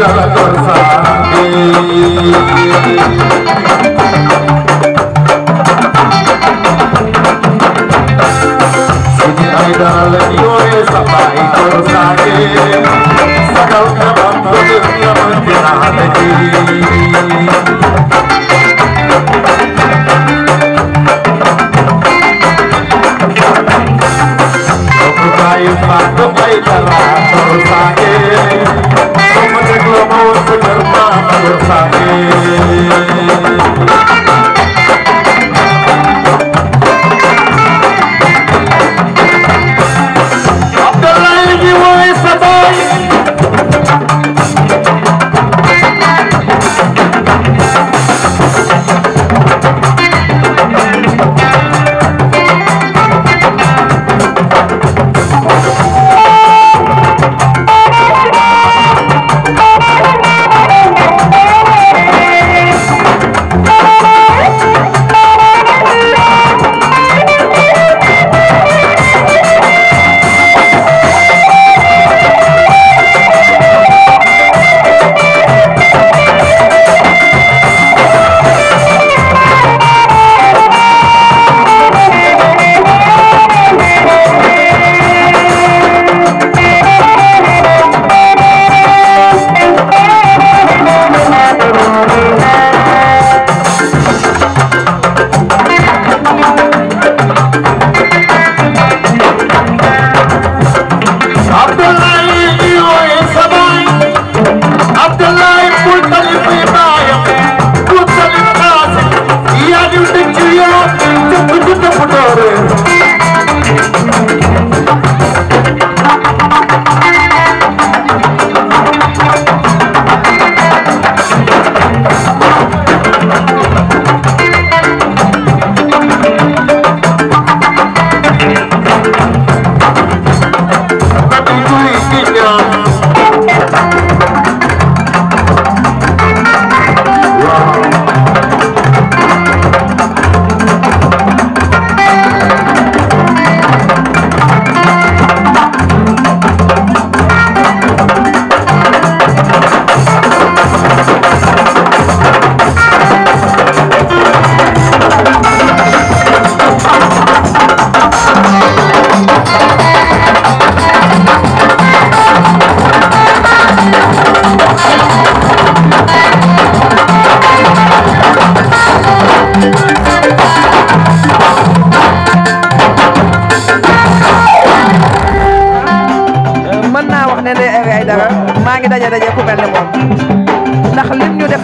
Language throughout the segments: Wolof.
Sakal kam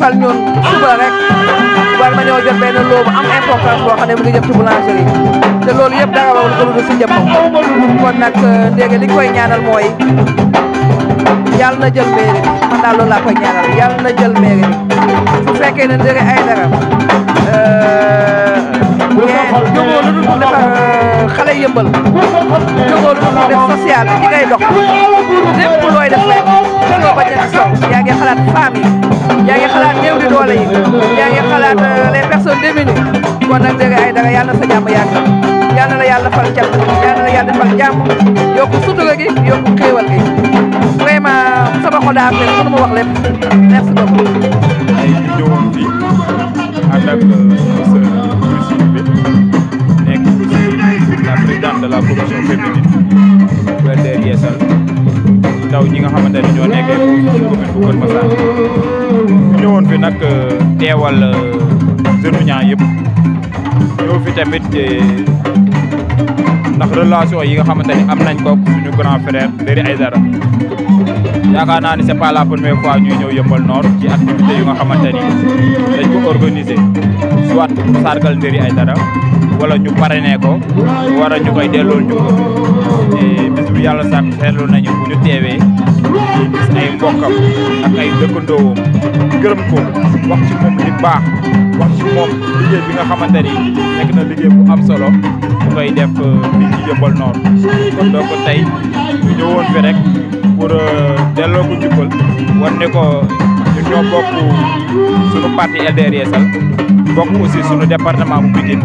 defal ñun suba rek war nañoo jot benn loo bu am importance boo xam ne mu ngi jëm ci boulangerie te loolu yëpp dara warul ko lu si njëppam kon nag euh, ndéegi li koy ñaanal mooy yàlla na jël mairie man daal loolu laa koy ñaanal yàlla na jël mairie bi su fekkee ne ndéegi ay dara euh, jógoo lu dul def xale yëmbal jógoo lu dul def social ci ngay dox lépp looy def rek dangoo bañ a sow yaa ngi xalaat femme yi yaa ngi xalaat néew di doole yi yaa ngi xalaat les personnes démunies kon nag dégg ay danga yàlla na sa jàmm yàgg yal na la yàlla fal cat yal na la yàlla defal jàmm yokku sutura gi yokku xéewal gi vraiment sama xol daa am ne mënu ma wax lépp merci beaucoup ndaw ñi nga xamante ñoo nekkee foofu ci commune bu Kër Massar ñu ñëwoon fi nag euh, teewal euh, jeunes ñaa yëpp ñëw fi tamit euh, ndax relation yi nga xamante ne am nañ ko suñu grand frère Ndéri Aidara yaakaar naa ni c'est pas la première fois ñuy ñëw yëmbal Nord ci activité yu nga xamante ni dañ ko organiser soit pour sargal Ndéri dara wala ñu parrainé ko wala ñu koy delloo ñu te bis bu yàlla sàkk seetlu nañu bu ñu teewee gis ay mbokkam ak ay dëkkandoowam gërëm ko wax ci moom li baax wax ci moom liggéey bi nga xamante ni nekk na liggéey bu am solo bu koy def nit ñi yëmbal Nord kon donc tey ñu ñëwoon fi rek pour euh, delloo ko jukkal wan ne ko ñun ñoo bokk suñu parti LDR Yeesal bokk aussi suñu département bu Pikine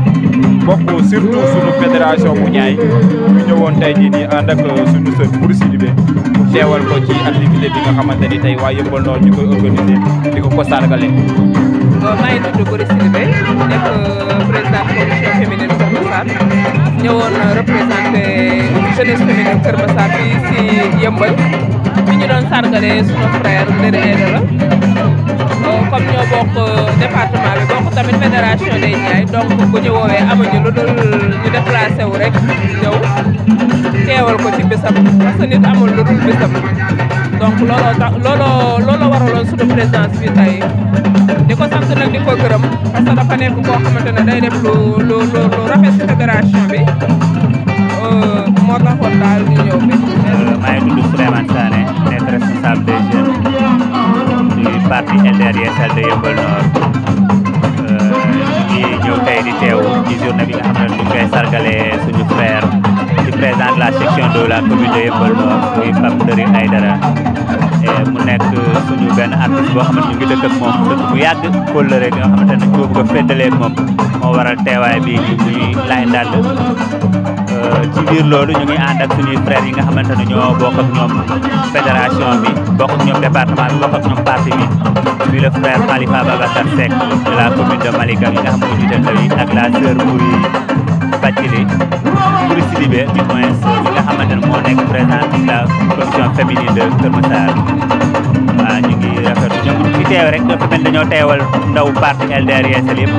bokk surtout suñu fédération bu Niayes ñu ñëwoon tey jii nii ànd ak suñu sër Bour Sidibé pour teewal ko ci activité bi nga xamante ni tey waa Yeumbeul Nord ñu koy organiser di ko ko sargale maa ngi tudd Gory Sidibé nekk commission féminine Kër Massar ñëwoon représenté jeunesse féminine Kër Massar si yëmbal bi ñu doon sargale sunu frère Ndéri Aidara comme ñoo bokk département bi bokk tamit fédération day Ndiaye donc bu ñu woowee amuñu lu dul ñu déplacé wu rek ñëw teewal ko ci bésam parce que nit amul lu dul donc looloo tax looloo looloo waraloon suñu présidence bi tey di ko parce que dafa nekk koo xamante ne day lu lu fédération bi euh, moo taxoon daal ñu ñëw bi. Euh, maa ngi tudd Souleymane responsable des jeunes du parti LDR Yeesal de Yeumbeul Nord di euh, ñëw tey di teew ci journée bi nga xam ne ñu ngi koy président de la section de la commune de Yeumbeul Nord muy Pape Nderi Aïdara mu nekk suñu benn artiste boo xamante ñu ngi dëkk ak moom dëkk bu yàgg kóllëre nga xamante ko bëgg a féddalee moom moo waral teewaay bi ñuy laay ndàll ci biir loolu ñu ngi ànd ak suñuy yi nga bokk ak fédération Khalifa Babacar Seck de la commune de Malika nga Bathily Kouri Sidibé du moins ñi nga xamante ne moo nekk présidente de la commission féminine de Kër Massar waaw ñu ngi rafetlu ñoom ñu teew rek dafa mel dañoo teewal ndaw parti LDR Yeesal yëpp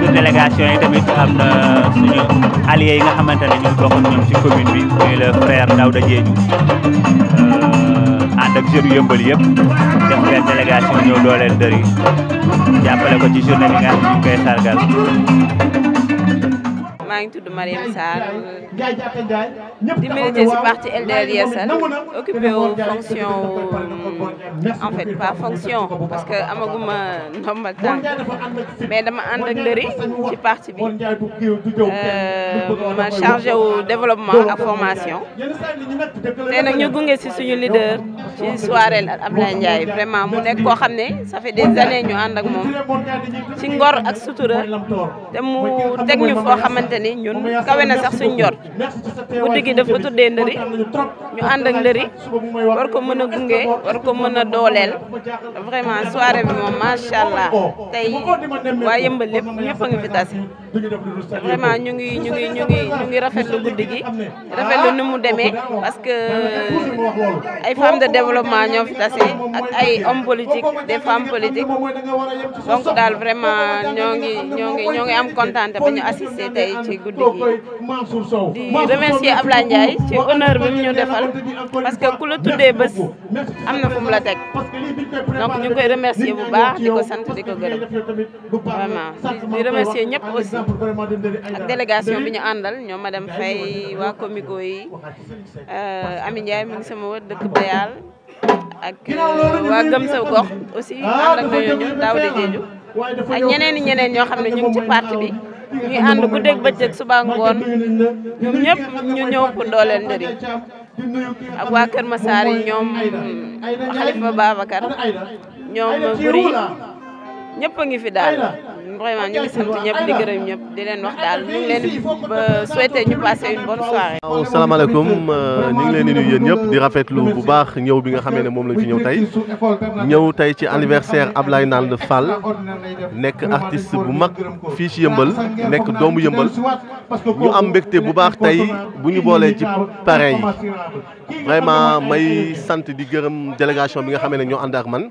pour délégation yi tamit am na suñu allié yi nga xamante ne ñu bokk ñoom ci commune bi muy le frère Daouda Diédhiou ànd ak jeunes yëmbal yëpp def leen délégation ñëw dooleel dër yi jàppale ko ci journée bi nga xam ñu koy sargal maa ngi tudd Mariam Sarr di militer ci parti LDR Yeesal occupé wu fonction en fait pas fonction parce que amaguma ndomb mais dama and ak leuri ci parti bi euh, ma chargé au développement ak formation te nag ñu gungé ci suñu leader ci soirée Ablaye Ndiaye vraiment mu nek ko xamné ça fait des années ñu and ak mom ci ngor ak sutura te mu tek ñu fo xamanteni ñun kawe na sax suñu njor bu digi dafa ko ndëri ñu and ak leuri war ko mëna gungé war ko mëna dolel vraiment soirée bi mom machallah tay wa yembal lepp lépp nga a fi tase. vraiment ñu ngi ñu ngi ñu ngi ñu ngi rafetlu guddi gi rafetlu ni mu demee parce que ay femmes de développement ñoo fi tase ak ay hommes politiques des femmes politiques donc daal vraiment ñoo ngi ñoo ngi ñoo ngi am kontaan ba ñu assisté tey ci guddi gi di remercier Ablaye Ndiaye ci honneur bi mu ñu defal parce que ku la tuddee bés am na fu mu la teg donc ñu ngi koy remercier bu baax di ko sant di ko gërëm vraiment di remercier ñëpp aussi ak délégation bi ñu àndal ñoom madame Faye waa comico yi euh, Ami Ndiaye mu ngi sama wër dëkk Bayal ak euh, waa Gëm sa gox aussi ànd i ñeneen ñoo xam ne ñu ngi ci parti bi ñuy ànd guddeeg bëccëg suba ngoon ñoom ñëpp ñu ñëw pour dooleel ndëri ak waa Kër Massar yi ñoom Khalifa Babacar ñoom Buri ñëpp a ngi fi daal. vraiment ñu ngi sant ñëpp di gërëm ñep di leen wax daal ñu leen di souhaiter ñu passer une bonne soirée. waaw salaamaaleykum euh, ñu ngi leen di nuyu yeen ñep di rafetlu bu baax ñew bi nga xamé né mom lañ ci ñew tay ñew tay ci anniversaire Ablaye de Fall nek artiste bu mag fi ci yëmbël nek doomu yëmbël ñu am mbégte bu baax tay bu ñu boolee ci parrain vraiment may sante di gërëm délégation bi nga xamé ne ñoo and ak man.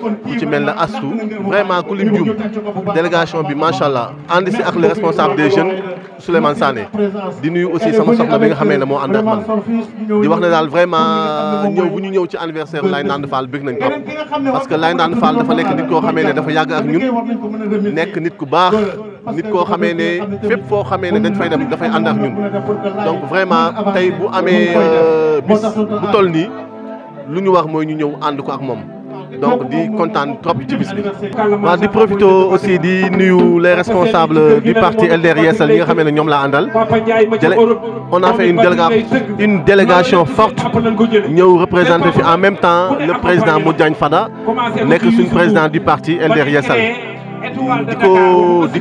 ku ci mel na vraiment ku lim délégation bi Machallah, allah ànd ak le responsable des jeunes Souleymane Sané di nuyu aussi sama soxna bi nga xamee ne moo ànd ak man di wax ne daal vraiment ñëw bu ñu ñëw ci anniversaire Laye Ndande Fall bëgg nañ trop parce que Laye Ndande Fall dafa nekk nit koo xamee ne dafa yàgg ak ñun nekk nit ku baax nit ko xamé né fep fo xamé né dañ fay dem dafay ànd ak ñun donc vraiment tay bu amé bis bu toll ni lu ñu wax moy ñu ñëw and ko ak mom donc di contane trop ci bis bi. waaw di profito aussi di nuyu les responsables du parti LDR Yeesal yi nga xamé ne ñoom laa on a fait une délégation une délégation forte ñëw représenter fi en même temps le président Modiagne Fada nek suñ président du parti LDR Yeesal. diko ko di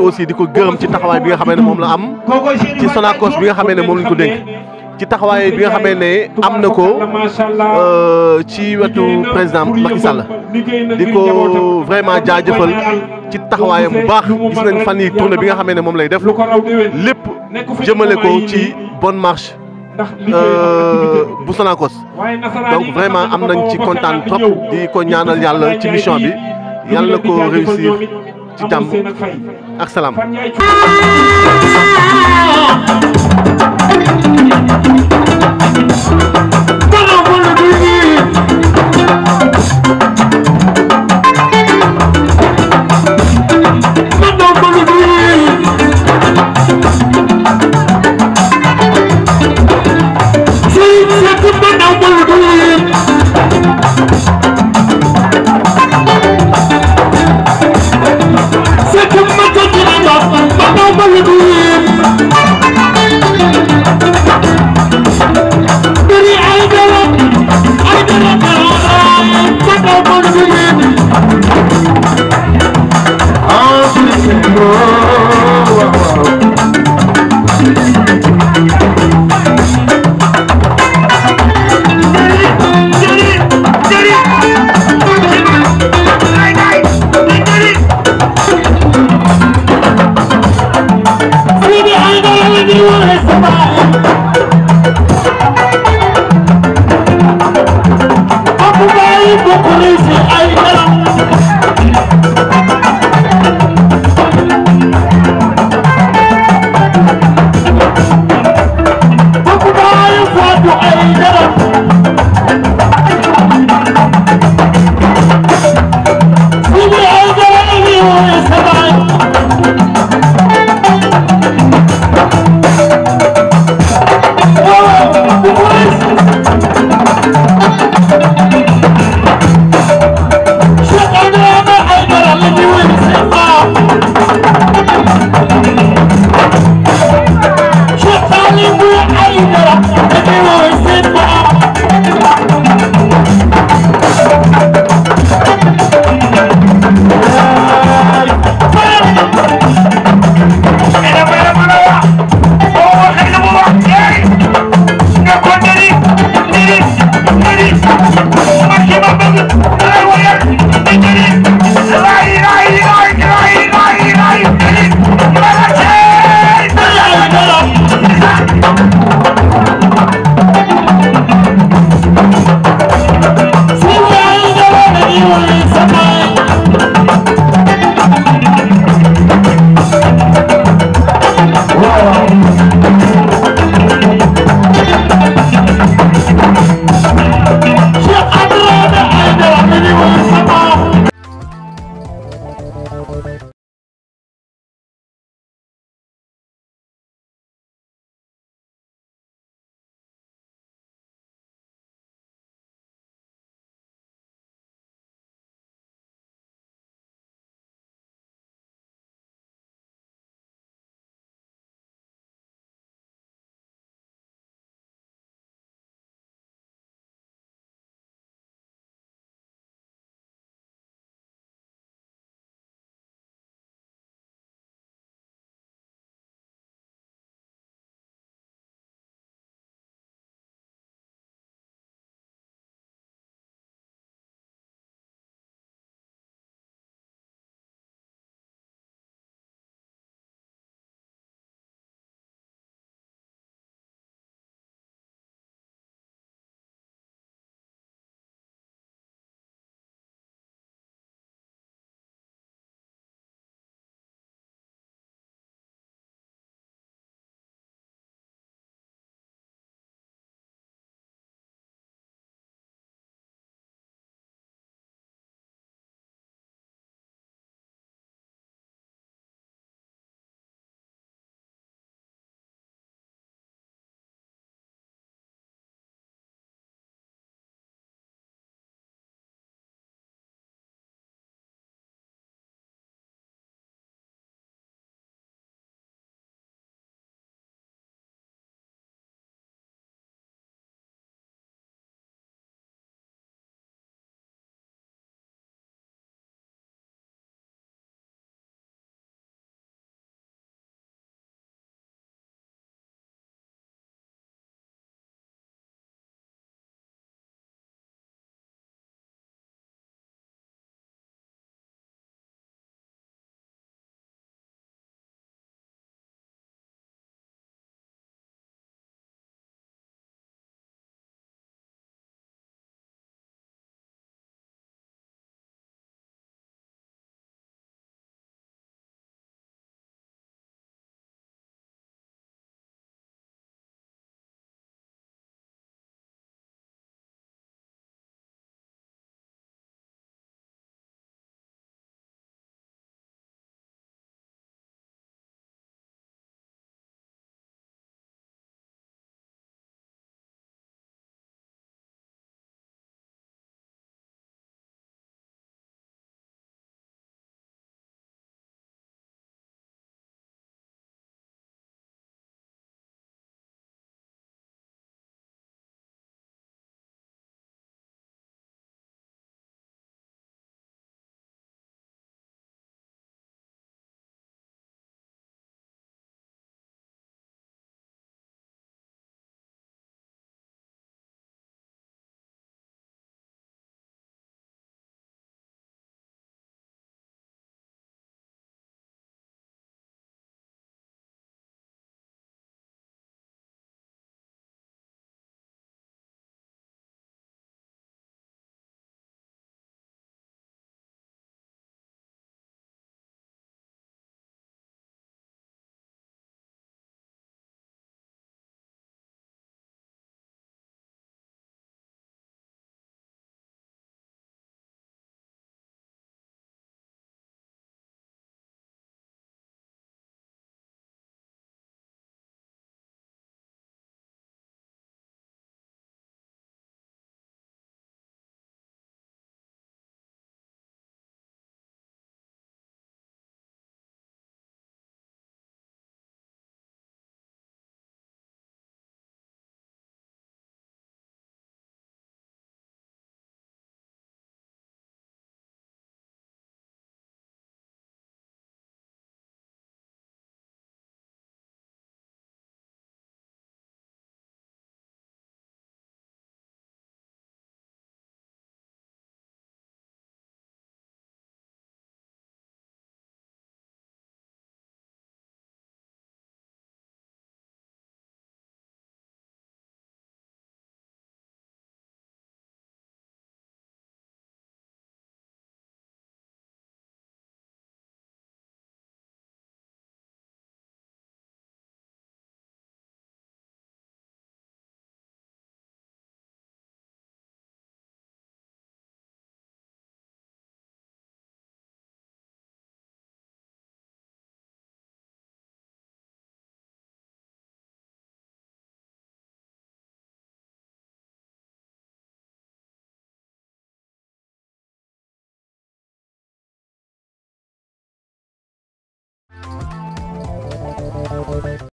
aussi diko ko ci taxaway bi nga xamé mom la am ci sonakos bi nga xamé mom lañ ko dénk ci taxawaay bi nga xamee ne am na ko euh, ci wetu président Macky Sall diko vraiment jaajëfal ci taxaway bu baax gis nañ fan yi tournée bi nga xamee ne moom lay def lépp jëmale ko ci bonne marche euh bu Sonacos donc vraiment am nañ ci kontaan trop di ko ñaanal yalla ci mission bi yalla na ko réussir ci tam ak salaam. Música